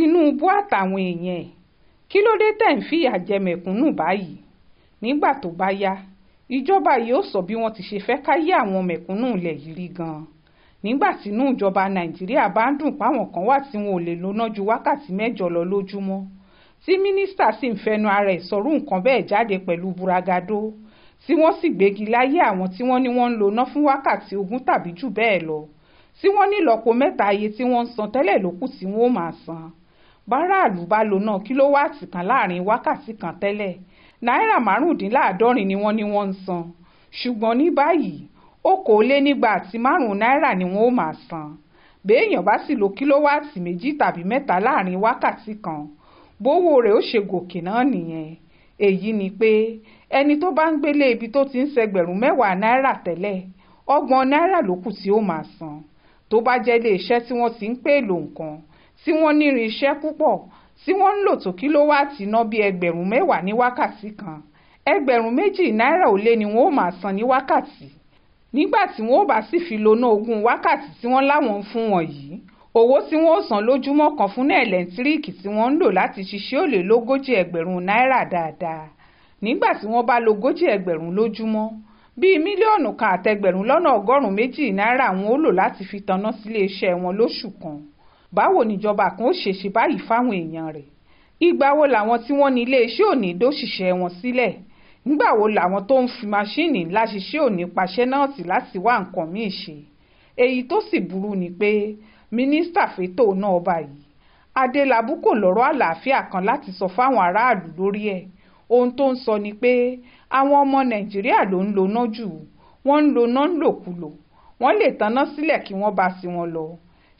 tinubu àtàwọn èèyàn ẹ̀ kí ló dé tẹ̀ ń fìyà jẹ mẹ̀kúnnù báyìí nígbà tó bá yá ìjọba yìí ó sọ bí wọ́n ti ṣe fẹ́ káyé àwọn mẹ̀kúnnù ilẹ̀ yìí rí gan-an nígbà tínú ìjọba nàìjíríà bá ń dùn páwọn kan wà tí wọn ò lè lóná ju wákàtí mẹ́jọ lọ lójúmọ́ tí mínísítà sì ń fẹnu ara ẹ̀ sọ̀rọ̀ nǹkan bẹ́ẹ̀ jáde pẹ̀lú buragado tí wọ́n sì gbégi láyé àwọn tí wọ́n ní wọ́n ń lóná fún wákàtí ogún tàbí jù bẹ́ẹ̀ lọ tí wọ́n ní ìlọ́po mẹ́ta iye tí wọ́n ń san tẹ́lẹ̀ lókù tí wọ́n ó máa san báráàlú bá lò náà kílówáàtì kan láàrin wákàtí kan tẹ́lẹ̀ náírà márùndínláàádọ́rin ni wọ́n ní wọ́n ń san ṣùgbọ́n ní báyìí okòólénígba àti márùn náírà ni wọ́n ó máa san béèyàn bá sì lo kílówáàtì méjì tàbí mẹ́ta láàrin wákàtí kan bówó rẹ̀ ó ṣe gòkè náà nìyẹn èyí ni pé ẹni tó bá ń gbélé ibi tó ti ń ṣẹgbẹ̀rún mẹ́wàá náírà tẹ́lẹ̀ ọgbọ̀n náírà ló kù tí ó máa san tó bá jẹ́ ilé iṣẹ́ tí wọ́n ti ń pè lò nǹkan tí wọ́n nírin iṣẹ́ púpọ̀ tí wọ́n ń lò tó kílówáàtì iná bíi ẹgbẹ̀rún mẹ́wàá ní wákàtí kan ẹgbẹ̀rún méjì náírà ó lé ni wọ́n ó máa san ní wákàtí nígbà tí wọ́n ó bá sì fi lona ogún wákàtí tí wọ́n láwọn ń fún wọn yìí owó tí wọ́n ó san lójúmọ́ kan fún náà ẹ̀lẹ́ńtíríìkì tí wọ́n ń lò láti ṣiṣẹ́ ó lé lógójì ẹgbẹ̀rún náírà dáadáa nígbà tí wọ́n bá lógójì ẹgbẹ̀rún lójúmọ́ bíi mílíọ̀nù kan àtẹgbẹ̀rún lọ́nà ọgọ́rùn-ún méjì náírà wọn ó lò láti fi tanná sílé iṣẹ́ wọn lóṣù kan báwo níjọba kan ó ṣe ṣe báyìí fáwọn èèyàn rẹ̀ ìgbà wo làwọn tí wọ́n ní iléeṣẹ́ òní dóṣìṣẹ́ wọn sílẹ̀ nígbà wo làwọn tó ń fi máṣíìnì ńlá ṣiṣẹ́ òní paṣẹ́ náà tì láti wá nǹkan míì ṣe èyí tó sì burú ni pé mínísítà fẹ́tò náà báyìí adélábù kò lọ́rọ̀ àlàáfíà kan láti sọ fáwọn aráàlú lórí ẹ̀ ohun tó ń sọ ni pé àwọn ọmọ nàìjíríà ló ń loná jù wọ́n ń loná ń lòkulò wọ́n lè tanná sílẹ̀ kí wọ́n bá sí wọn lọ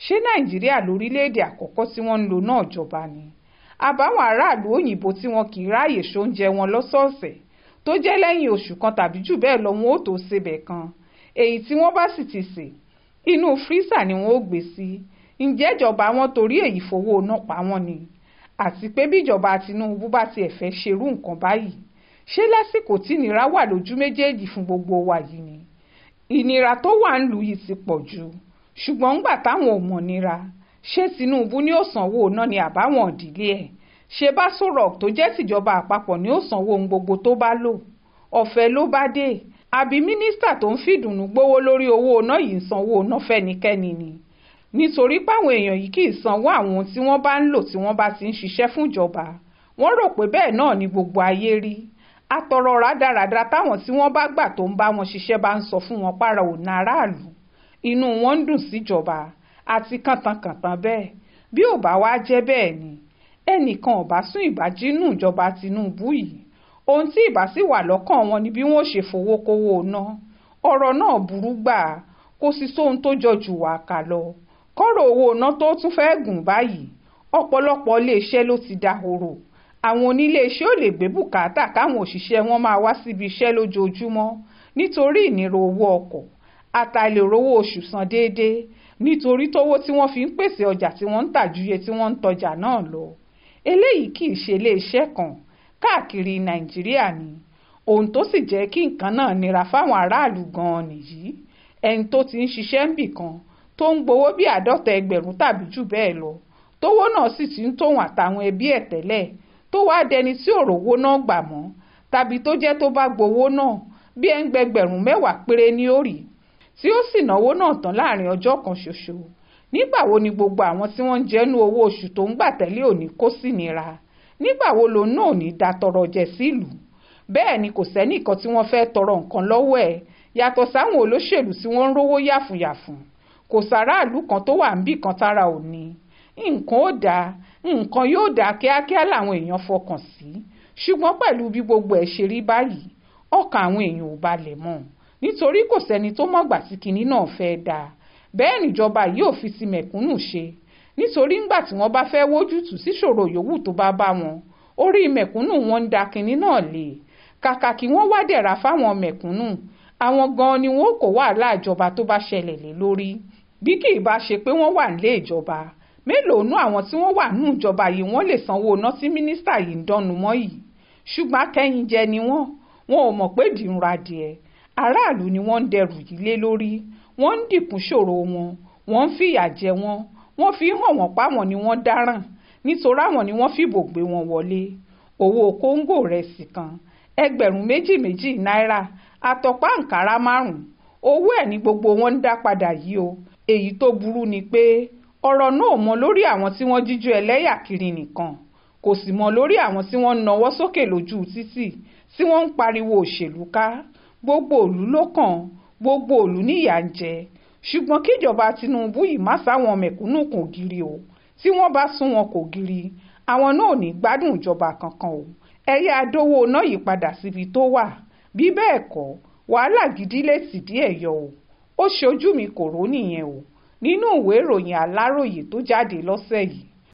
ṣé nàìjíríà lórílẹ̀‐èdè àkọ́kọ́ tí wọ́n ń lò náà jọba ni àbáwọn aráàlú òyìnbó tí wọn kì í ráàyè ṣoúnjẹ wọn lọ́sọ̀ọ̀sẹ̀ tó jẹ́ lẹ́yìn oṣù kan tàbí jù bẹ́ẹ̀ lọ wọn ò tó sebẹ̀ kan èyí tí wọ́n bá sì ti sè inú fírísà ni wọn ò gbé sí ǹjẹ́ ìjọba wọn torí èyí fowó ná pa wọ́n ni àti pé bí ìjọba Tinubu bá tiẹ̀ fẹ́ ṣerú nǹkan báyìí ṣé lásìkò tí ìnira wà lójú méjèèjì fún gbogbo wa yìí ni ìnira tó wà ń lù yìí ti pọ̀ jù ṣùgbọ́n ńgbà táwọn ò mọ̀nira ṣé Tinubu ni ó sanwó náà ni àbáwọn ìdílé ẹ̀ ṣe bá sọ̀rọ̀ tó jẹ́ tìjọba àpapọ̀ ni ó sanwó ohun gbogbo tó bá lò ọ̀fẹ́ ló bá dé àbí mínísítà tó ń fìdùnnú gbowó lórí owó iná yìí sanwó iná fẹ́nikẹ́ni ni nítorí páwọn èèyàn yìí kì í sanwó àwọn tí wọ́n bá ń lò tí wọ́n bá ti ń ṣiṣẹ́ fúnjọba wọ́n rò pé bẹ́ẹ̀ náà ni gbogbo ayé rí àtọ̀rọ̀ rádaràda táwọn tí wọ́n bá gbà tó ń bá wọn ṣiṣẹ́ bá ń sọ fún wọn pàrọ̀ ọ̀nà aráàlú inú wọn ń dùn síjọba àti kàntankàntan bẹ́ẹ̀ bí ò bá wá jẹ́ bẹ́ẹ̀ ni ẹnìkan ò bá sún ìbàjínú ìjọba Tinubu yìí ohun tí ìbá sì wà lọ́kàn wọn ni bí wọ́n ṣe fowó kówó ná ọ̀rọ̀ náà burú gbàá kò sì sóhun tó jọjú wà kà lọ kọ́rọ̀ owó ná tó tún fẹ́ gùn báyìí ọ̀pọ̀lọpọ̀ iléeṣẹ́ ló ti dahoro àwọn oníléeṣẹ́ ò lè gbé bùkátà káwọn òṣìṣẹ́ wọn máa wá síbi iṣẹ́ lójoojúmọ́ nítorí ìnira owó ọkọ̀ àtàlè rówó oṣù san déédéé nítorí tówó tí wọ́n fi ń pèsè ọjà tí wọ́n ń tà ju iye tí wọ́n ń tọjà náà lọ eléyìí kì í ṣe iléeṣẹ́ kan káàkiri nàìjíríà ni ohun tó sì jẹ́ kí nǹkan náà nira fáwọn aráàlú gan-an nìyí ẹni tó ti ń ṣiṣẹ́ ń bì kan tó ń gbowó bí àádọ́ta ẹgbẹ̀rún tàbí jù bẹ́ẹ̀ lọ tówó náà sì ti ń tòun àtàwọn ẹbí ẹ̀ tẹ́lẹ̀ tó wáá dẹni tí òrówó náà gbà mọ́ tàbí tó jẹ́ tó bá gbowó náà bí ẹ̀ ń gbẹgbẹ̀rún mẹ́wàá péré ní ó tí ó sì náwó náà tán láàrin ọjọ́ kan ṣoṣo nígbà wo ni gbogbo àwọn tí wọ́n ń jẹ́nu owó oṣù tó ń gbà tẹ́lẹ̀ òní kó sì nira nígbà wo lòun náà ò ní da tọrọ jẹ sílùú bẹ́ẹ̀ ni kò sẹ́nìkan tí wọ́n fẹ́ tọrọ nǹkan lọ́wọ́ ẹ̀ yàtọ̀ sáwọn olóṣèlú tí wọ́n ń rówó yàfùyàfùn kò sàráàlú kan tó wà níbì kan tára ò ní nǹkan ó dáa nǹkan yóò dáa kíákíá làwọn èèyàn fọkàn sí ṣùgbọ́n pẹ̀lú bí gbogbo ẹ̀ ṣe rí báyìí ọkàn àwọn èèyàn ò balẹ̀ mọ́ nítorí kò sẹ́ni tó mọ̀gbà tí kinní náà fẹ́ dáa bẹ́ẹ̀ níjọba yìí ò fi sí mẹ̀kúnnù ṣe nítorí ńgbà tí wọ́n bá fẹ́ wójútùú síṣòro yòówù tó bá bá wọn orí mẹ̀kúnnù wọn ń da kinní náà lé kàkà kí wọ́n wá dẹ̀ra fáwọn mẹ̀kúnnù àwọn gan-an ni wọn kò wàhálà ìjọba tó bá ṣẹlẹ̀ lé lórí bí kì í bá ṣe pé wọ́n wà nílé ìjọba mélòó nú àwọn tí wọ́n wà nú ìjọba yìí wọ́n lè sanwó ná tí mínísítà yìí ń dánumọ́ yìí ṣùgbọ́n akẹ́yìnjẹ ni wọ́n wọn ò mọ̀ pé dìrùn adìẹ aráàlú ni wọ́n ń dẹrù yìí lé lórí wọ́n ń dìkún ṣòro wọn wọ́n ń fìyà jẹ wọn wọ́n fi hàn wọ́n páwọn ni wọ́n dáràn nítorí àwọn ni wọ́n fìbò gbé wọn wọlé owó kóńgò rẹsì kan ẹgbẹ̀rún méjì méjì náírà àtọ̀pá àǹkárá márùn-ún owó ẹ̀ ní gbogbo wọn ń dá padà yìí o èyí tó burú ni pé ọ̀rọ̀ náà mọ lórí àwọn tí wọ́n jíjú ẹlẹ́yà kiri nìkan kò sì mọ lórí àwọn tí wọ́n ń nawọ́ sókè lójú títì tí wọ́n ń pariwo òṣèlú ká gbogbo òlú ló kàn gbogbo òlú níyà ń jẹ ṣùgbọ́n kíjọba Tinubu yìí má sáwọn mẹ̀kúnnù kò giri o tí wọ́n bá sún wọn kò giri àwọn náà ò ní gbádùn ìjọba kankan o ẹ̀yà àdówó náà yìí padà síbi tó wà bí bẹ́ẹ̀ kọ́ wàhálà gidi lè sì díẹ̀ yọ o ó ṣojú mi kò rò o nínú ìwé ìròyìn Aláròyé tó jáde lọ́sẹ̀ yìí